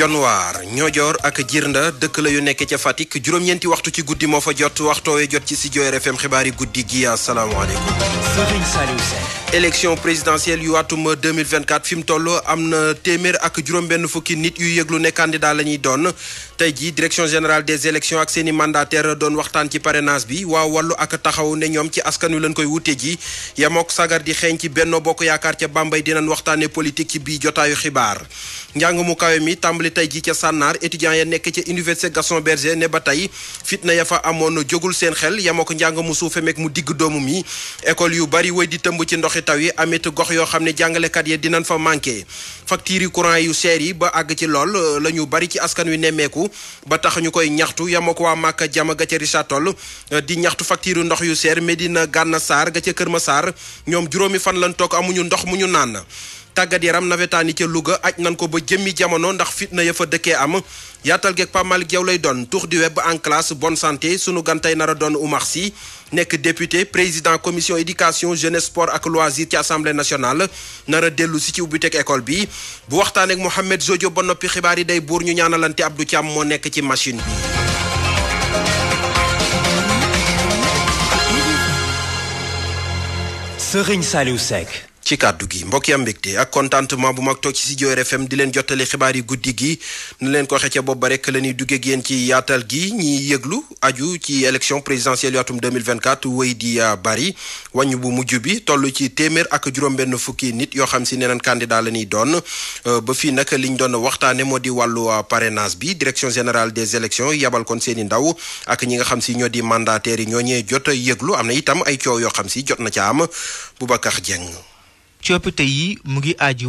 Dionewar Niodior ak Djirnda dëkk la yu nekk ca Fatick juróom-ñeenti waxtu ci guddi moo fa jot waxtoowee jot ci studio RFM xibaar yi guddi gi asalaamaaleykum. Serigne Saliou Seck. élection présidentielle yu atum 2024 fi mu toll am na téeméer ak juróom-benn fukki nit yu yëglu ne candidat la ñuy doon tey jii direction générale des élections ak seen i mandataires doon waxtaan ci parrainage bi waa wàllu ak taxaw ne ñoom ci askan wi lañ koy wute ji yamook sagar di xeeñ ci Benno Bokk Yaakaar ca Bambey dinañ waxtaanee politique ci bii jotaayu xibaar. njàng mu kawe mi tàmbali tey ji ca sànnaar étudiants ya nekk ca université Gaston Berger ne ba tey fitna ya fa amoon jógul seen xel yama ko njàng mu suufe meeg mu digg doomu mi école yu bari woy di tëmb ci ndoxi taw yi amit gox yoo xam ne jàngalekat ya dinañ fa manqué factures yi courant yu seer yi ba àgg ci lool la ñu bari ci askan wi nemmeeku ba tax ñu koy ñaxtu yama ko waa Màkka jama ga ca Richard Toll di ñaxtu facture ndox yu seer Medina Gànna Saar ga ca Kër Masaar ñoom juróomi fan lan toog amuñu ndox mu ñu naan tàggat yaram nawetaani ca Louga aj nan ko ba jëmmi jamono ndax fitna ya fa dëkkee am yaatal geeg Pape Malick Diaw lay doon tour di web en classe bonne santé sunu gantay nara doon Oumar Sy nekk député président commission éducation jeunesse sport ak loisir ci assemblée nationale nar a dellu si ci ubbiteg école bi bu waxtaan ak Mouhamed Jojo ba noppi xibaar yi day buur ñu ñaanalante Abdou Thiam moo nekk ci machine bi Serigne ci kàddu gi mbokk yi am mbégte ak contentement bu mag toog ci studio RFM di leen jottali xibaar yi guddi gi nu leen ko waxee ca bopp ba rek la ñuy duggee yéen ci yaatal gi ñiy yëglu aju ci élection présidentielle yu atum 2024 wéy di euh, bari wàññi bu mujj bi toll ci téeméer ak juróom-benn fukki nit yoo xam si neneen candidat la ñuy doon euh, ba fi nag liñ doon waxtaane moo di wàllu euh, parrainage bi direction général des élections yabal kon seen i ndaw ak ñi nga xam si ñoo di mandataires yi ñoo ñee jot a am na itam ay coow yoo xam si jot na ca am Boubacar Dieng coppite yi mu ngi aji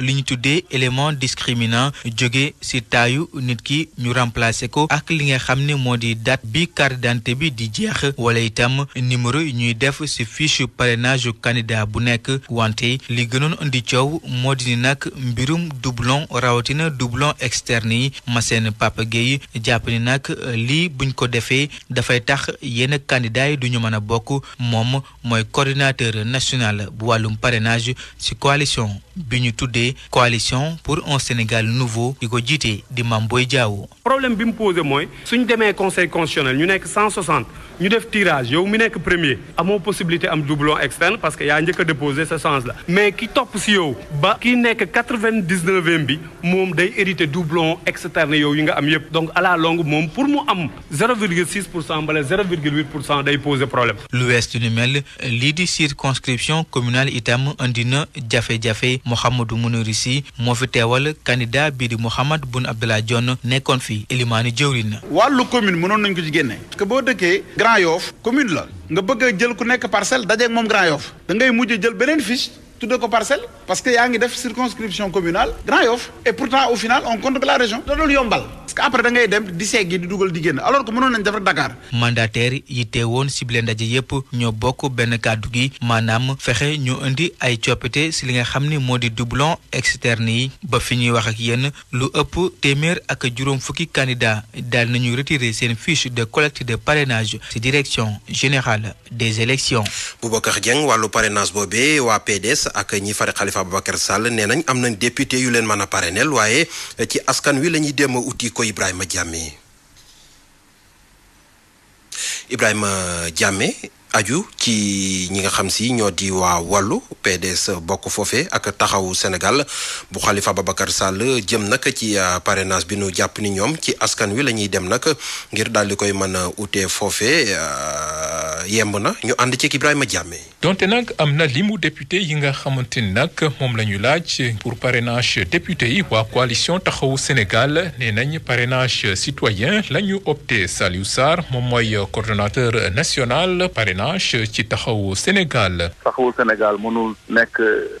li ñu tuddee élément discriminant jóge ci taayu nit ki ñu remplacer ko ak li nga xam ne moo di date bi carte d'identité bi di jeex wala itam numéro yi ñuy def ci fiche parrainage candidat bu nekk wante li gënoon indi coow moo di nag mbirum doublon rawatina doublon extern yi Massène Papa Gueye jàpp ni nag lii buñ ko defee dafay tax yenn candidats yi duñu mën a bokk moom mooy coordinateur national bu wàllum parrainage parrainage ci coalition bi ñu tuddee coalition pour un Sénégal nouveau di ko jiite di Mame Boye Diao problème bi mu posé mooy suñ demee conseil constitutionnel ñu nekk 160 ñu def tirage yow mi nekk premier amoo possibilité am doublon externe parce que yaa njëkk a déposé sa chance la mais ki topp si yow ba ki nekk 99e bi moom day hérité doublon externe yow yi nga am yëpp donc à la longue moom pour mu am 0,6 pour cent mbala 0,8 pour day posé problème lu du ni mel di circonscription communale andi na jafe-jafe Mouhamadou Mounirou Sy moo fi teewal candidat bii di Mouhamad Boun Abdallah Dionne nekkoon fi ilimaani jëwriñ na wàllu commune mënoon nañ ko ci génne boo dëkkee Grand Yoff commune la nga bëgg a jël ku nekk parcelle dajeeg moom Grand Yoff da ngay mujj jël beneen fiche tudde ko parcelle parce que yaa ngi def circonscription communale Grand Yoff et pourtant au final on compte que la région da doon yombal parce que après da ngay dem di seeg gi di dugal di génn alors que mënoon nañ def Dakar mandataire yi teewoon si bile ndaje yëpp ñoo bokk benn kàddu gi maanaam fexe ñoo indi ay coppite si li nga xam ni moo di dublon externe yi ba fi ñuy wax ak yéen lu ëpp téeméer ak juróom fukki candidat daal nañu retirer seen fiche de collecte de parrainage si direction générale des élections Boubacar wàllu parrainage boobee waa PDS Khalifa Ababacar Sall nee nañ am nañ député yu leen mën a parrainel waaye ci askan wi la ñuy dem uti ko Ibrahima Diame Ibrahima Diame aju ci ñi nga xam si ñoo di waa wàllu PDS bokk foofe ak taxawu Sénégal bu Khalifa Babacar Sall jëm nag ci euh, parenage bi nu jàpp ni ñoom ci askan wi la ñuy dem nag ngir daal di koy mën a utee foofe euh, yemb na ñu ànd ci Ibrahima Diame. donte nag am na limu député yi nga xamante ni nag moom la ñu laaj pour parrainage député yi waa coalition taxawu Sénégal nee nañ parrainage citoyen la ñu opté Saliou Sarr moom mooy coordonnateur national parrainage. parrainage ci taxawu Sénégal. taxawu Sénégal mënul nekk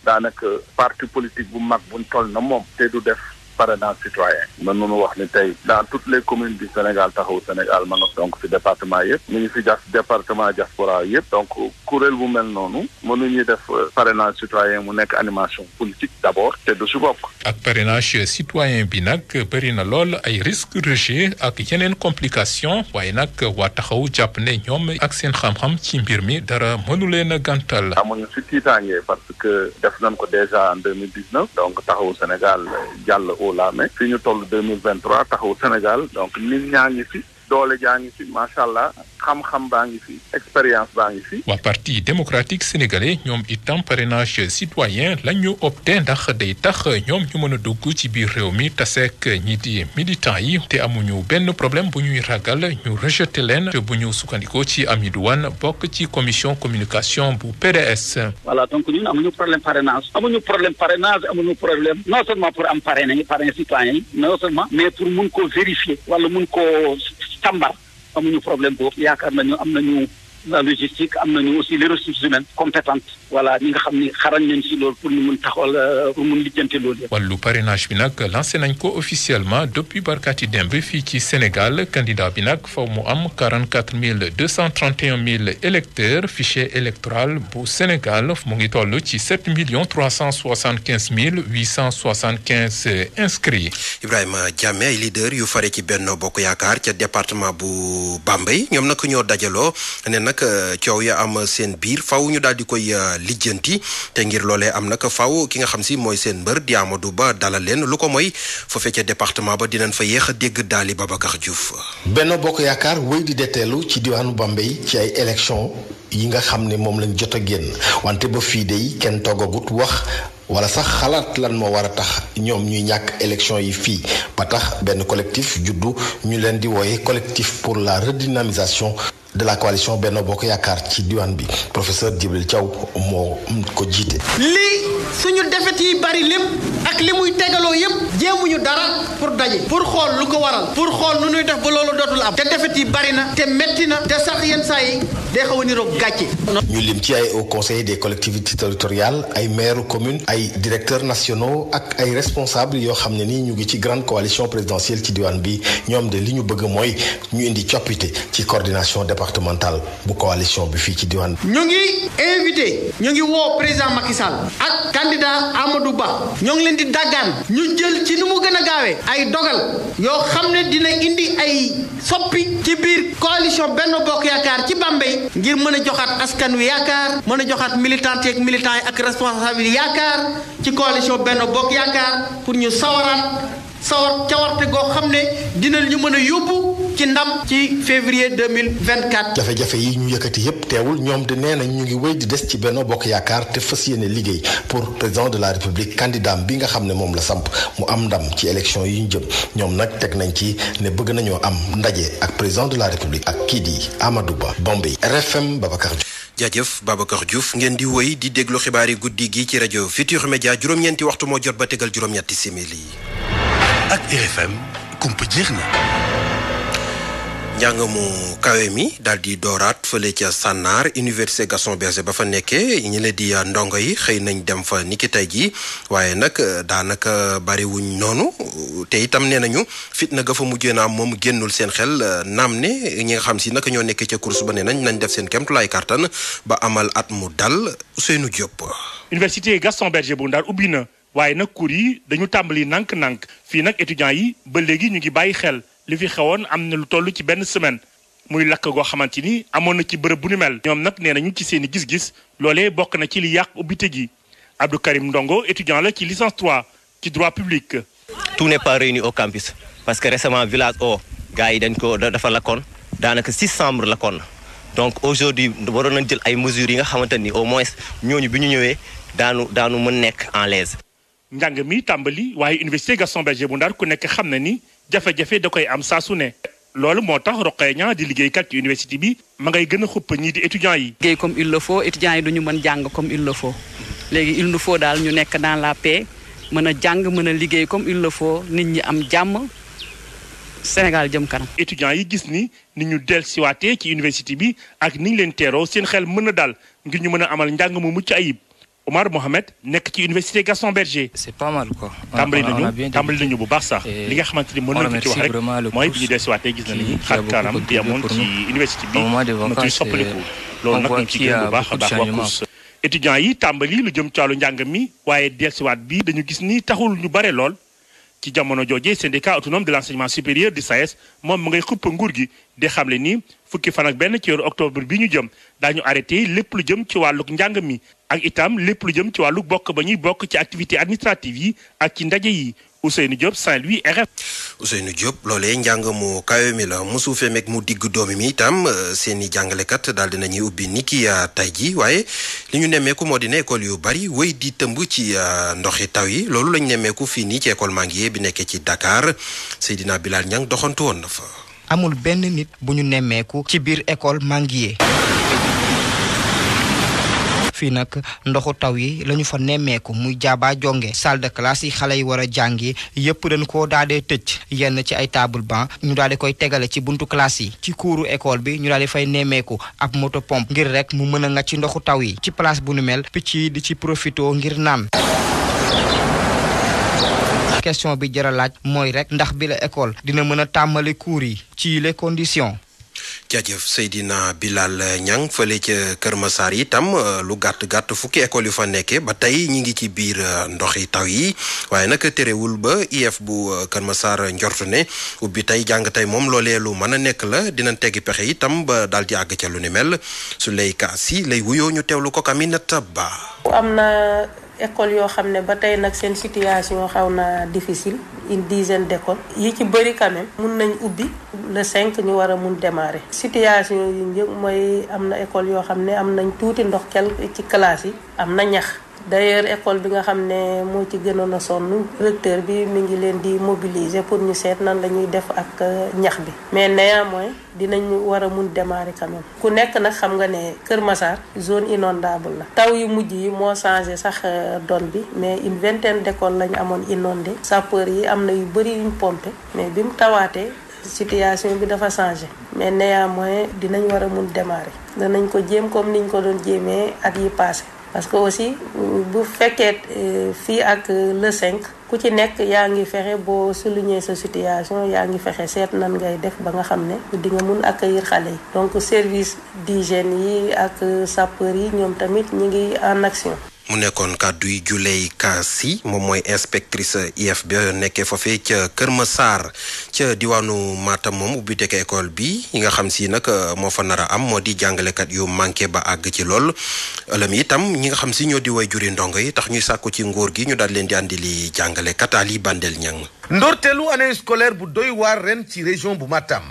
daanaka parti politique bu mag buñ toll na moom te du def. parrainage citoyen mën nañu wax ni tey dans toutes les communes du Sénégal taxawu Sénégal ma nga donc si département yëpp ñu ngi fi jas département diaspora yëpp donc kuréel bu mel noonu mënuñuy def euh, parrainage citoyen mu nekk animation politique d'abord te du si bokk ak parrainage citoyen bi nag bëri na lool ay risque rejet ak yeneen complication waaye nag waa taxaw jàpp ne ñoom ak seen xam-xam ci mbir mi dara mënu leen a gàntal amuñu si tiitaange parce que def nañ ko déjà en mille dix taxaw laa ne fi ñu toll deux mille vingt trois taxaw Sénégal donc nit ñaa ngi fi doole jaa ngi fi macha allah xam-xam baa ngi fi expérience baa ngi fi. waa parti démocratique sénégalais ñoom itam parrainage citoyen la ñu opté ndax day tax ñoom ñu mën a dugg ci biir réew mi taseek ñi di militants yi te amuñu benn problème bu ñuy ragal ñu rejeté leen bu ñu sukkandikoo ci Amidou Wane bokk ci commission communication bu PDS. voilà donc ñun amuñu problème parrainage amuñu problème parrainage amuñu problème non seulement pour am parrain yi parrain citoyen yi non seulement mais pour mun koo vérifier wala mun koo tambar. amuñu problème boobu yaakaar nañu am nañu la logistique am nañu aussi les ressources humaines compétentes voilà ñi nga xam ni xarañ nañ si loolu pour ñu mun taxawal euh, pour mun lijjante loolu yëpp. wàllu parrainage bi nag lancé nañ ko officiellement depuis barkaati démb fii ci Sénégal candidat bi nag faw mu am 44 231 000 électeurs fichier électoral bu Sénégal mu ngi toll ci million 7 375 875 inscrits. Ibrahima Diame ay leader yu fare ci Benno Bokk Yaakaar ca département bu Bambey ñoom nag ñoo dajaloo ne nag euh, coow ya am seen biir faw ñu daal di koy euh, lijjanti te ngir loole am nag faw ki nga xam si mooy seen mbër di Amadou Ba dalal leen lu ko moy fa fekkee département ba dinañ fa yéex a dégg daali Babacar Diouf. benn Bokk Yaakaar wéy di detteelu ci diwaanu ba Bambey ci ay élection yi nga xam ne moom lañ jot a génn wante ba fii de kenn toggagut wax wala sax xalaat lan moo war a tax ñoom ñuy ñàkk élection yi fii ba tax benn collectif juddu ñu leen di wooye collectif pour la redynamisation de la coalition Benno Bokk Yaakaar ci diwaan bi professeur Djibril Thiaw moo ko jiite. lii suñu defet yi bari lépp ak li muy tegaloo yépp jéemuñu dara pour daje. pour xool lu ko waral. pour xool nu ñuy def ba loolu dootul am. te defet yi bari na. te metti na. te sax yenn saa yi. day xaw a gàcce. ñu lim ci ay au conseil des collectivités territoriales ay maire commune ay directeurs nationau ak ay responsables yoo xam ne ni ñu ngi ci grande coalition présidentielle ci diwaan bi ñoom de li ñu bëgg mooy ñu indi coppite ci coordination départementale bu coalition bi fii ci diwaan bi. ñu ngi invité ñu ngi woo président Macky ak candidat Amadou Ba ñoo ngi leen di daggaan ñu jël ci nu mu gën a gaawee ay dogal yoo xam ne dina ngir mën a joxaat askan wi yaakaar mën a joxaat militant yeeg militant yi ak responsable yaakaar ci coalition benn Bokk Yaakaar pour ñu sawaraat sawar cawarte goo xam ne dina ñu mën a yóbbu. ci ndam ci février 2024. jafe-jafe yi ñu yëkkati yëpp teewul ñoom di nee nañ ñu ngi wéy di des ci Benno Bokk Yaakaar te fas yéene liggéey pour président de la République candidat bi nga xam ne moom la samp mu am ndam ci élection yi ñu jëm ñoom nag teg nañ ci ne bëgg nañoo am ndaje ak président de la République ak kii di Amadou Ba Bombay RFM Babacar jaajëf Babacar Diouf ngeen di woy di déglu xibaar yi guddi gi ci rajo Futurs Médias juróom-ñeenti waxtu moo jot ba tegal juróom-ñetti simili yi. ak RFM njàng mu kawe mi daal di dooraat fële ca Sànnaar université Gaston Berger ba fa nekkee ñi la di uh, ndongo yi xëy nañ dem fa niki tey jii waaye nag uh, daanaka bariwuñ noonu uh, te itam nee nañu fitna ga fa mujjee naam moom génnul seen xel naam ne ñi nga xam si naka ñoo nekkee ca course ba ne nañ nañ def seen kemtulaay kàttan ba amal at mu dal seenu Diop. université Gaston Berger bu Ndar ubbi na waaye nag cours dañu tàmbali nànk-nànk fii nag étudiants yi ba léegi li fi xewoon am na lu toll ci benn semaine muy lakk goo xamante ni amoon na ci bërëb bu ni mel. ñoom nag nee nañu ci seen i gis-gis loolee bokk na ci li yàq ubbite gi Abdou Karim Ndongo étudiant la ci licence 3 ci droit public. tout n'est pas réuni au campus parce que récemment village O gars yi dañ ko dafa lakkoon daanaka six chambres lakkoon na donc aujourd'hui waroon nañ jël ay mesures yi nga xamante ni au moins ñooñu bi ñu ñëwee daanu daanu mën nekk en les njàng mi tàmbali waaye université Gaston Berger bu Ndar ku nekk xam na ni. jafe-jafe da koy am saa su ne. loolu moo tax Roqe ñaar di liggéey liggéeykat ci université bi ma ngay gën a xupp ñii di étudiants yi. liggéey comme il le faut yi du ñu mën jàng comme il le faut léegi il nous daal ñu nekk dans la paix mën a jàng mën a liggéey comme il le faut nit ñi am jàmm Sénégal jëm kanam. étudiants yi gis ni ni ñu dellusiwaatee ci université bi ak ni ñu leen teeroo seen xel mën a daal ngir ñu mën a amal njàng mu mucc ayib. Omar Mohamed nekk ci université Gaston Berger. tàmbali nañu bu baax sax. li nga xamante ni mën nañu ko ci wax rek mooy bi ñu desewaatee gis nañu xar ci université bi mu ciy soppaliku. loolu nag ci gën bu baax a baax étudiants yi tàmbali lu jëm ci wàllu njàng mi waaye desewaat bi dañu gis ni taxul ñu bare lool. ci jamono jooje syndicat autonome de l'enseignement supérieur du SAES moom mu ngay xuppa nguur gi di xamle ni fukki fan ak benn ci weeru octobre bi ñu jëm daañu arrêté lépp lu jëm ci wàlluk njàng mi ak itam lépp lu jëm ci wàllu bokk ba ñuy bokk ci activité administrative yi ak ci ndaje yi Ousseynou Diop Saint-Louis RFM. Ousseynou Diop loolee njàng mu kawe mi la mu suufee meeg mu digg doomi mi itam euh, seen i jàngalekat daal dinañuy ubbi ni ki euh, tey jii waaye li ñu nemmeeku moo di ne yu bari wéy di tëmb ci euh, ndoxi taw yi loolu lañ nemmeeku fii nii ci école Manguier bi nekkee ci Dakar Seydina Bilal Niang doxantu woon na fa. amul benn nit bu ñu nemmeeku ci biir école Manguier. fii nag ndoxu taw yi la ñu fa nemmeeku muy jaaba jonge sald de yi xale yi war a jàngi yëpp dañ koo daal dee tëj yenn ci ay table banc ñu daal di koy tegale ci buntu classe yi ci kuuru école bi ñu daal di fay nemmeeku ab moto pompe ngir rek mu mën a nga ci ndoxu taw yi ci place bu nu mel picc yi di ci profito ngir naan bi jëra laaj mooy rek ndax bi école dina mën a tàmmali cours yi ci les conditions jaajëf Seydina Bilal Niang fële ca Kër Massar itam euh, lu gàtt gàtt fukki école yu fa nekkee ba tey ñi ngi ci biir euh, ndoxi taw yi waaye nag terewul ba IEF bu euh, Kër Massar njortu ne ubbi tey jàng tey moom loole lu mën a nekk la dina teggi pexe itam ba daal di àgg ca lu ni mel su lay kaas lay wuyoo ñu teewlu ko Aminata Ba. am école yoo xam ne ba tey nag seen situation xaw na difficile une dizaine d' école yi ci bëri quand mun nañ ubbi le cinq ñu war a mun démarrer situation yu njëkk mooy am na école yoo xam ne am nañ tuuti ndox kel ci classe yi am na ñax d'ailleurs école bi nga xam ne moo ci gënoon a sonn recteur bi mi ngi leen di mobiliser pour ñu seet nan lañuy def ak euh, ñax bi mais mooy dinañ war a mun démarrer quand même ku nekk nag xam nga ne Kër Massar zone inondable la taw yu mujj yi moo changé sax euh, donne bi mais une vingtaine d'écoles lañ amoon inondé sapeur yi am na yu bëri yuñ pompé mais bi mu tawaatee situation bi dafa changé mais néanmoins dinañ war a mun démarrer danañ ko jéem comme ñu ko doon jéemee at yi passé parce que aussi bu fekkee euh, fii ak euh, le cinq ku ci nekk yaa ngi fexe boo souligner sa situation yaa ngi fexe seet nan ngay def ba nga xam ne di nga mun accueillir xale yi donc service d'hygiène yi ak euh, sapeur yi ñoom tamit ñi ngi en action mu nekkoon kàddu yi Juley Kasi moom mooy inspectrice IFB nekkee foofee ca Kër Massar ca diwaanu Matam moom ubbiteke école bi ñi nga xam si nag uh, moo fa nar a am moo di jàngalekat yu manqué ba àgg ci lool ëlëm itam ñi nga xam si ñoo di way juri ndongo yi tax ñuy sàkku ci nguur gi ñu daal leen di àndi li jàngalekat Ali bandeel ñang ndorteelu année scolaire bu doy waar ren ci région bu Matam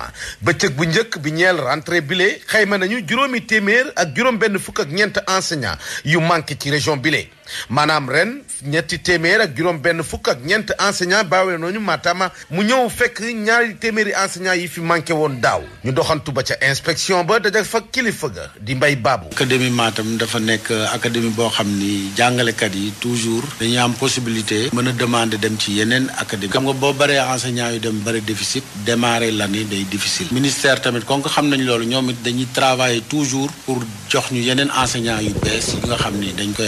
bëccëg bu njëkk bi ñeel rentrée bile xayma nañu juróomi téeméer ak juróom benn fukk ak ñeent enseignant yu manqué ci région bile. maanaam ren ñetti téeméer ak juróom benn fukk ak ñeent enseignant baawee nooñu Matam mu ñëw fekk ñaari téeméeri enseignant yi fi manqué woon daaw ñu doxantu ba ca inspection ba dajak fa kilifa ga di mbay baabu académie Matam dafa nekk académie boo xam ni jàngalekat yi toujours dañuy am possibilité mën a demander dem ci yeneen académie xam nga boo baree enseignant yu dem bari déficit démarrer l'année day difficile ministère tamit kon ko xam nañ loolu ñoom dañuy travailler toujours pour jox ñu yeneen enseignant yu xam dañ koy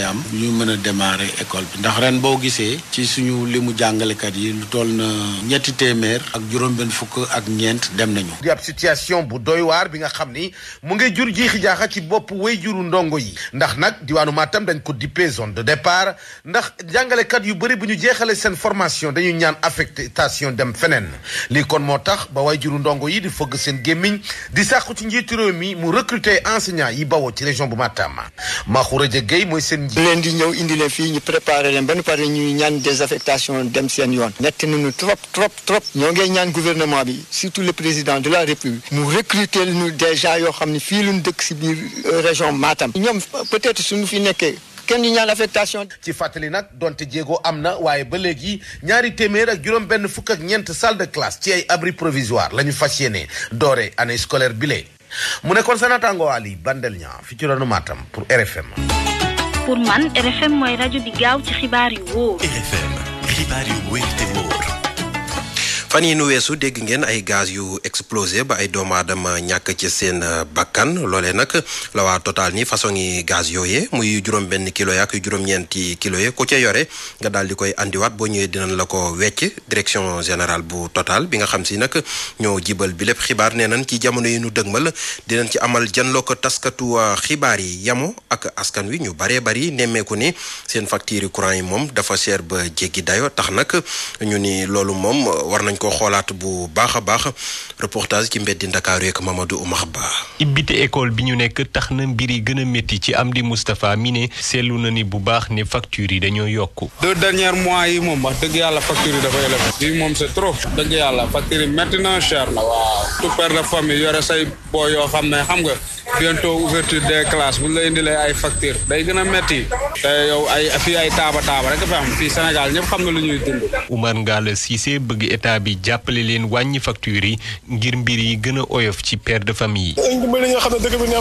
a démarrer école bi ndax ren boo gisee ci suñu limu jàngalekat yi lu toll na ñetti téeméer ak juróom-benn fukk ak ñeent dem nañu. di ab situation bu doy waar bi nga xam ni mu ngi jur jiixi jaaxa ci bopp way juru ndongo yi ndax nag diwaanu Matam dañ ko di zone de départ ndax jàngalekat yu bëri bu ñu jeexalee seen formation dañuy ñaan affectation dem feneen lii kon moo tax ba way juru ndongo yi di fëgg seen gémmiñ di sàkku ci njiitu mi mu recruter enseignants yi bawoo ci région bu Matam indi leen fii ñu préparé leen ba ñu pare ñuy ñaan désaffectation dem seen yoon metti nañu trop trop trop ñoo ngi ñaan gouvernement bi surtout le président de la république mu recruter ñu déjà yoo xam ne fii lu ñu dëkk si biir euh, région Matam ñoom peut-être suñu fi nekkee kenn ñu ñaan affectation. ci fàttali nag donte jéego am na waaye ba léegi ñaari téeméer ak juróom benn fukk ak ñeent salle de classe ci ay abri provisoire la ñu fas yéene doore année scolaire bi mu nekkoon sa naataango Ali Bandel ñaa fi ci ronu Matam pour man RFM mooy rajo bi gaaw ci xibaar yu wóor. RFM xibaar yu fan yi nu weesu dégg ngeen ay gaz yu explosé ba ay doomu aadama ñàkk ci seen euh, bakkan loolee nag la waa total ni façon yi gaz yooyee muy juróom-benn kilo yaak yu juróom-ñeenti kilo yi ku ca yore nga daal di koy andiwaat boo ñëwee dinañ la ko wecc direction général bu total bi nga xam si nag ñoo jibal bi lépp xibaar nee nañ ci jamono yi nu dëgmal dinañ ci amal janloo ko taskatu euh, xibaar yi yamo ak askan wi ñu baree bari nemmeeku ni seen facture courant yi moom dafa cher ba jéggi dayo tax nag ni loolu moom war nañ ko xoolaat bu baax a baax reportage ci mbeddi Ndakaaru yeeg Mamadou Oumar Ba. ibbite école bi ñu nekk tax na mbir yi gën a métti ci Amdi Moustapha mi ne seetlu na ni bu baax ne factures yi dañoo yokk. deux derniers mois yi moom wax dëgg yàlla factures yi dafay leb. bii moom c'est trop. dëgg yàlla factures yi métti na cher na waaw. tout de famille yore say boo yoo xam ne xam nga. bientôt ouverture des classes bu ñu la indilee ay facture day gën a metti te yow ay taaba taaba rek fa am Sénégal ñëpp xam na lu ñuy dund. Oumar Ngalla Cissé bëgg état bi jàppale leen wàññi factures yi ngir mbir yi gën a oyof ci père de famille yi. mbir yi mu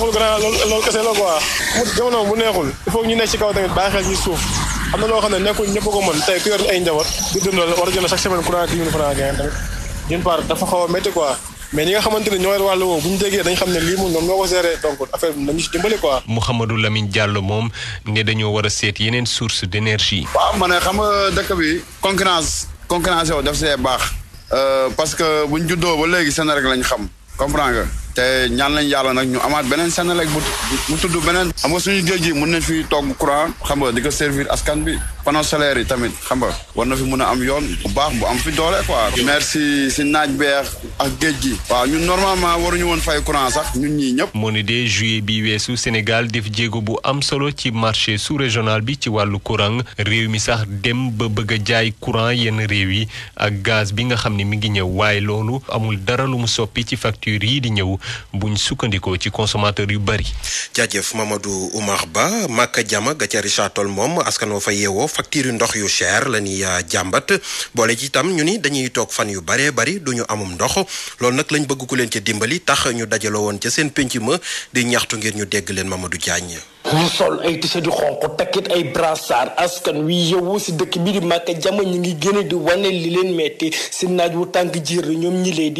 neexul il faut ñu nekk ci kaw tamit bàyyi xel suuf. am na loo xam ne nekkul ñëpp ko mën tey ku yor ay njaboot di dundal war a jël chaque semaine courant ak 1000 francs dafa xaw a métti mais ñi nga xamante ne ñoo yor wàllu bu ñu déggee dañ xam ne lii moom ñoom ñoo ko géré donc affaire bi nañu si dimbali quoi. Mouhamadou Lamine Diallo moom ne dañoo war a seet yeneen source d' énergie. waaw ma ne xam nga dëkk bi concurrence concurrence yow def see baax. Euh, parce que buñ juddoo ba léegi seen Senelec lañ xam comprends nga. te ñaan lañ yàlla nag ñu amaat beneen Senelec bu mu tudd beneen xam nga suñu géej gi mën nañ fi toog courant xam nga di servir askan bi panneau solaire yi tamit xam nga war na fi mun a am yoon bu baax bu am fi doole quoi merci si naaj beex ak géej gi waaw ñu normalement waruñu woon fay courant sax ñu ñii ñëpp mu ni dee juillet bi weesu Sénégal def jéego bu am solo ci marché sous régional bi ci wàllu courant réew mi sax dem ba bëgg a jaay courant yenn réew yi ak gaz bi nga xam ne mi ngi ñëw waaye loolu amul dara lu mu soppi ci facture yi di ñëw buñ sukkandikoo ci consommateur yu bari. jaajëf Mamadou Oumar Ba Maka Jama ga ca Richard Toll moom askan wa fa yeewoo facture yu ndox yu cher la ñuy ah, jàmbat boole ji itam ñu ni dañuy toog fan yu baree bari du ñu amum ndox loolu nag lañ bëgg ku leen ca dimbali tax ñu dajaloo woon ca seen penc ma di ñaxtu ngir ñu degg leen mamadu Diagne. ñu sol ay t-shirt yu xonq takkit ay brassard askan wi yowu si dëkk bi di Maka Jama ñu ngi génne di wane li leen metti si naaj wu tàng jiir ñoom ñi lee